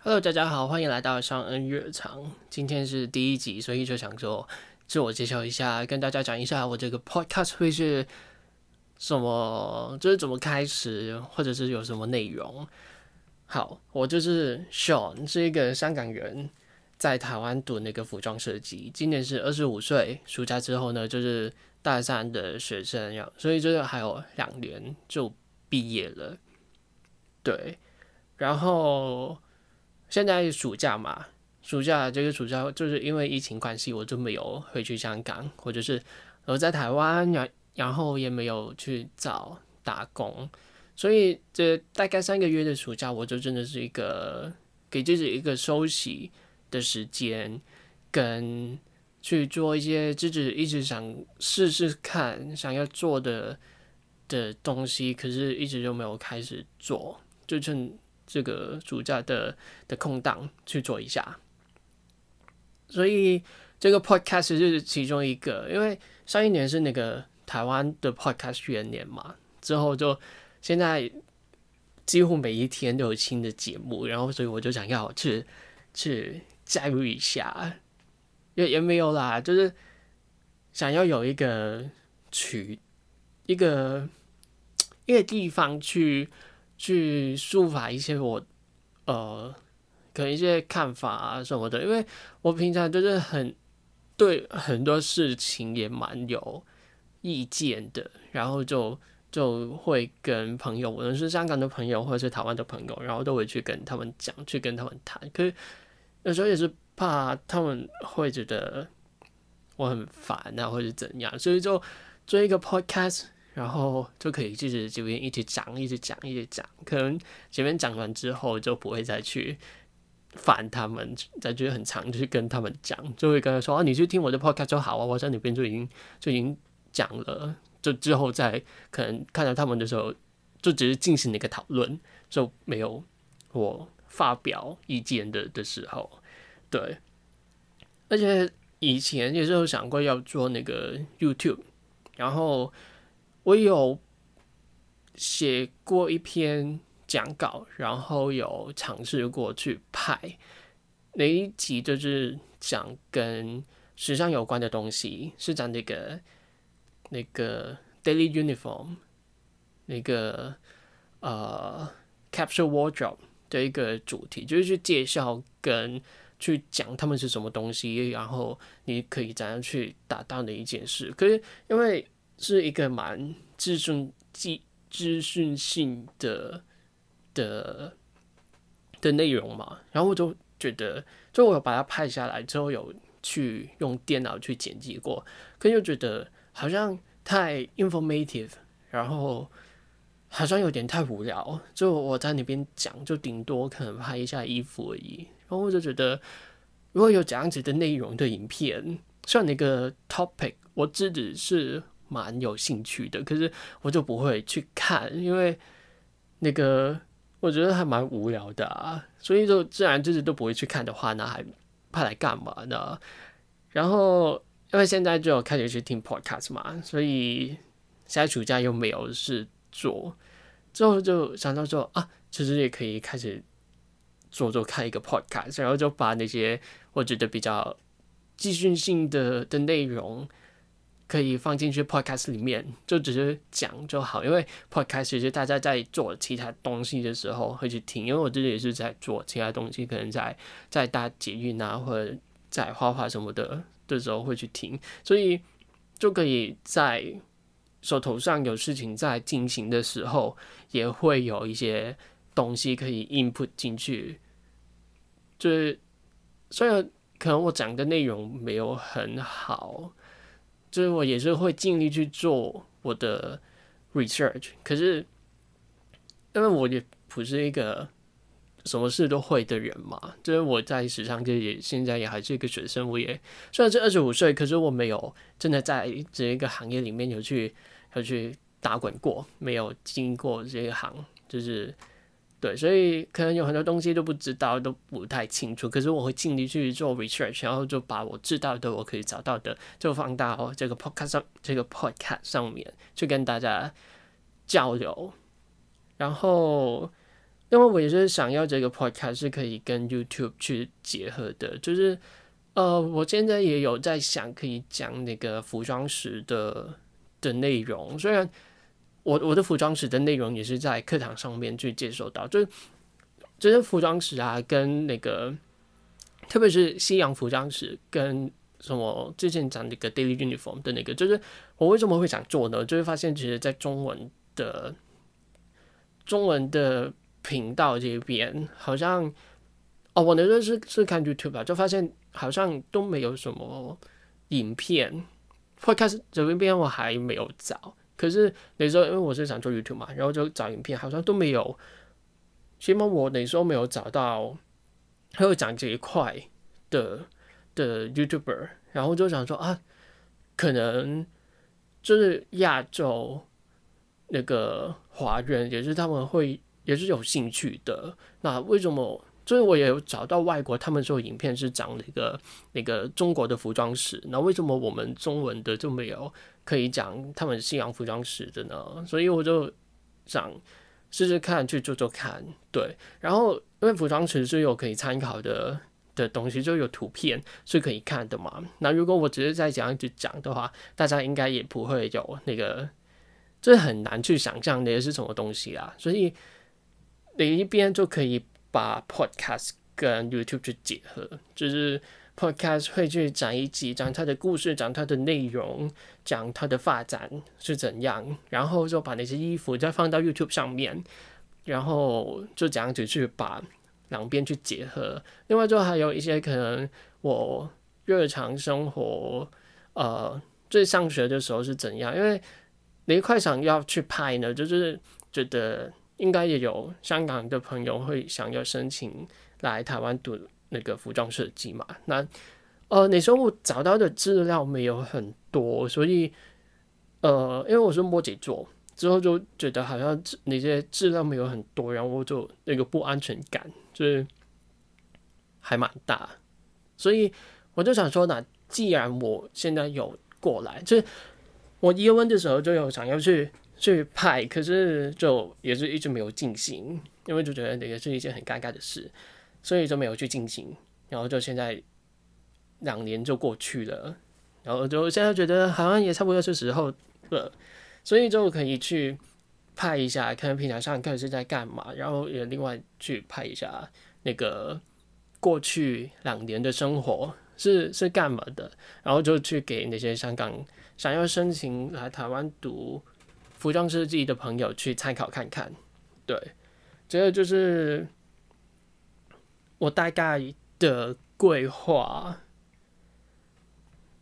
Hello，大家好，歡迎來到尚恩樂場。今天是第一集，所以就想說做自我介紹一下，跟大家講一下我這個 podcast 會是什麼，就是怎麼開始，或者是有什麼內容。好，我就是 Shawn，是一個香港人，在台灣讀那個服裝設計，今年是二十五歲。暑假之後呢，就是大三的學生，所以就是還有兩年就畢業了。對，然後。現在暑假嘛，暑假這個、就是、暑假就是因為疫情關係，我就沒有回去香港，或者是我在台灣，然然後也沒有去找打工，所以這大概三個月的暑假，我就真的是一個給自己一個休息的時間，跟去做一些自己一直想試試看，想要做的的東西，可是一直就沒有開始做，就趁這個暑假的的空檔去做一下，所以這個 podcast 就是其中一個。因為上一年是那個台灣的 podcast 元年嘛，之後就現在幾乎每一天都有新的節目，然後所以我就想要去去加入一下，也也沒有啦，就是想要有一個去一個一個一個地方去。去抒發一些我，呃，可能一些看法啊什麼的，因為我平常就是很對很多事情也蠻有意見的，然後就就會跟朋友，無論是香港的朋友或者是台灣的朋友，然後都會去跟他們講，去跟他們談。可是有時候也是怕他們會覺得我很煩啊，或者怎樣，所以就做一個 podcast。然後就可以繼續這邊一直講，一直講，一直講。可能前面講完之後，就不會再去煩他們，再就覺得很長，就是跟他們講，就會跟他說：“啊，你去聽我的 podcast 就好啊。”我在那邊就已經就已經講了，就之後再可能看到他們的時候，就只是進行那個討論，就沒有我發表意見的的時候。對，而且以前也是有想過要做那個 YouTube，然後。我有寫過一篇講稿，然後有嘗試過去拍那一集，就是講跟時尚有關的東西，是講那個那個 daily uniform 那個呃 capsule wardrobe 的一個主題，就是去介紹跟去講他們是什麼東西，然後你可以怎樣去達到的一件事。可是因為是一個蠻資訊、資資訊性的的的內容嘛，然後我就覺得，就我把它拍下來之後，有去用電腦去剪輯過，可又覺得好像太 informative，然後好像有點太無聊。就我在那邊講，就頂多可能拍一下衣服而已，然後我就覺得，如果有這樣子的內容的影片，算一個 topic，我自己是。蠻有興趣的，可是我就不會去看，因為那個我覺得還蠻無聊的啊，所以就自然就是都不會去看的話，那還怕來幹嘛呢？然後因為現在就開始去聽 podcast 嘛，所以現在暑假又沒有事做，之後就想到說啊，其實也可以開始做做看一個 podcast，然後就把那些我覺得比較繼續性的的內容。可以放進去 Podcast 裡面，就只是講就好，因為 Podcast 是大家在做其他東西的時候會去聽，因為我自己也是在做其他東西，可能在在搭捷運啊，或者在畫畫什麼的的時候會去聽，所以就可以在手頭上有事情在進行的時候，也會有一些東西可以 input 進去。就是雖然可能我講的內容沒有很好。就是我也是會盡力去做我的 research，可是因為我也不是一個什麼事都會的人嘛，就是我在時尚界也現在也還是一個學生，我也雖然是二十五歲，可是我沒有真的在這一個行業裡面有去有去打滾過，沒有經過這個行，就是。對，所以可能有很多東西都不知道，都不太清楚。可是我會盡力去做 research，然後就把我知道的、我可以找到的，就放到這個 podcast 上，這個 podcast 上面，去跟大家交流。然後，另外我也是想要這個 podcast 是可以跟 YouTube 去結合的，就是呃，我現在也有在想可以講那個服裝史的的內容，雖然。我我的服裝史的內容也是在課堂上面去接受到，就是這些服裝史啊，跟那個，特別是西洋服裝史跟什麼之前講那個 daily uniform 的那個，就是我為什麼會想做呢？就會發現，其實，在中文的中文的頻道這邊，好像哦，我那時候是是看 YouTube 吧、啊，就發現好像都沒有什麼影片，Podcast 這邊我還沒有找。可是那時候，因為我是想做 YouTube 嘛，然後就找影片，好像都沒有。起碼我那時候沒有找到，還有講這一塊的的 YouTuber，然後就想說啊，可能就是亞洲那個華人，也是他們會也是有興趣的。那為什麼？就是我也有找到外國他們做影片是講那個那個中國的服裝史，那為什麼我們中文的就沒有？可以講他們西洋服裝史的呢，所以我就想試試看去做做看，對。然後因為服裝史是有可以參考的的東西，就有圖片是可以看的嘛。那如果我只是在這樣一直講的話，大家應該也不會有那個，這很難去想象那些是什麼東西啊。所以哪一邊就可以把 Podcast 跟 YouTube 去結合，就是。Podcast 會去講一集，講他的故事，講他的內容，講他的發展是怎樣，然後就把那些衣服再放到 YouTube 上面，然後就這樣子去把兩邊去結合。另外，就還有一些可能我日常生活，呃，最上學的時候是怎樣？因為哪一塊想要去拍呢，就是覺得應該也有香港的朋友會想要申請來台灣讀。那個服裝設計嘛，那呃那時候我找到的資料沒有很多，所以呃因為我是摩羯座，之後就覺得好像那些資料沒有很多，然後我就那個不安全感就是還蠻大，所以我就想說那，既然我現在有過來，就是我一月份的時候就有想要去去拍，可是就也是一直沒有進行，因為就覺得那個是一件很尷尬的事。所以就沒有去進行，然後就現在兩年就過去了，然後就現在覺得好像也差不多是時候了，所以就可以去拍一下，看看平常上課是在幹嘛，然後也另外去拍一下那個過去兩年的生活是是幹嘛的，然後就去給那些香港想要申請來台灣讀服裝設計的朋友去參考看看，對，這個就是。我大概的規劃，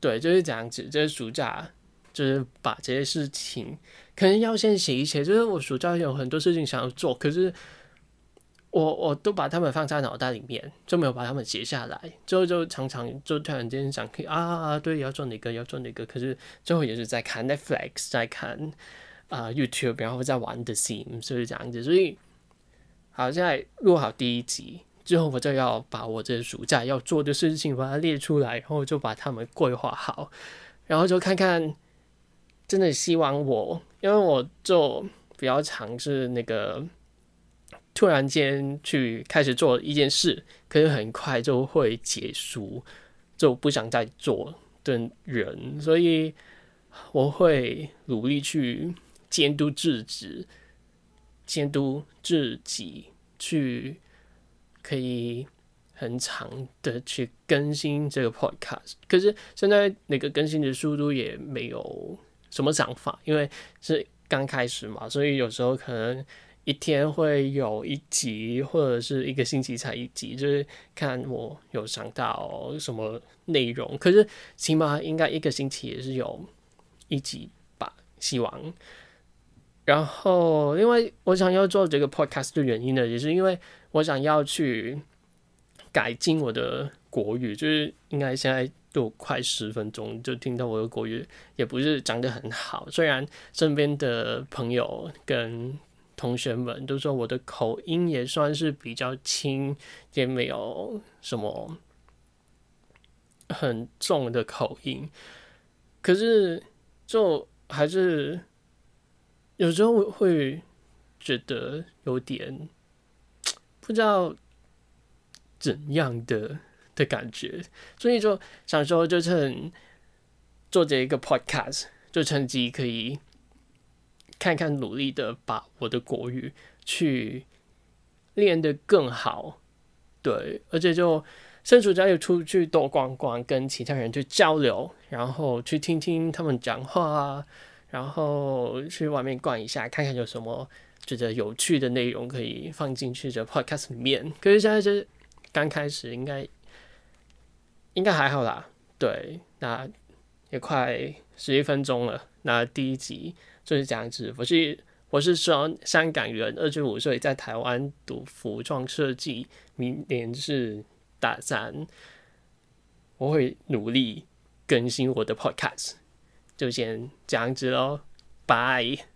對，就是這樣子。就是暑假，就是把這些事情，可能要先寫一寫。就是我暑假有很多事情想要做，可是我我都把他們放在腦袋裡面，就沒有把他們寫下來。最後就常常就突然間想，啊，對，要做哪個，要做哪個。可是最後也是在看 Netflix，在看啊、呃、YouTube，然後在玩的 the Steam，所以這樣子。所以，好現在錄好第一集。之後我就要把我這暑假要做的事情把它列出來，然後就把它們規劃好，然後就看看。真的希望我，因為我就比較常是那個突然間去開始做一件事，可是很快就會結束，就不想再做的人，所以我會努力去監督自己，監督自己去。可以很長的去更新這個 podcast，可是現在那個更新的速度也沒有什麼想法，因為是剛開始嘛，所以有時候可能一天會有一集，或者是一個星期才一集，就是看我有想到什麼內容。可是起碼應該一個星期也是有一集吧，希望。然後另外我想要做這個 podcast 的原因呢，也是因為。我想要去改進我的國語，就是應該現在都快十分鐘，就聽到我的國語也不是講得很好。雖然身邊的朋友跟同學們都說我的口音也算是比較輕，也沒有什麼很重的口音，可是就還是有時候我會覺得有點。不知道怎樣的的感覺，所以就想說就就趁做這一個 podcast，就趁機可以看看努力的把我的國語去練得更好，對，而且就趁暑假又出去多逛逛，跟其他人去交流，然後去聽聽他們講話，然後去外面逛一下，看看有什麼。覺得有趣的內容可以放進去這 podcast 裡面。可是現在這剛開始應，應該應該還好啦。對，那也快十一分鐘了。那第一集就是這樣子。我是我是說，香港人，二十五歲，在台灣讀服裝設計，明年是大三。我會努力更新我的 podcast，就先這樣子嘍，拜。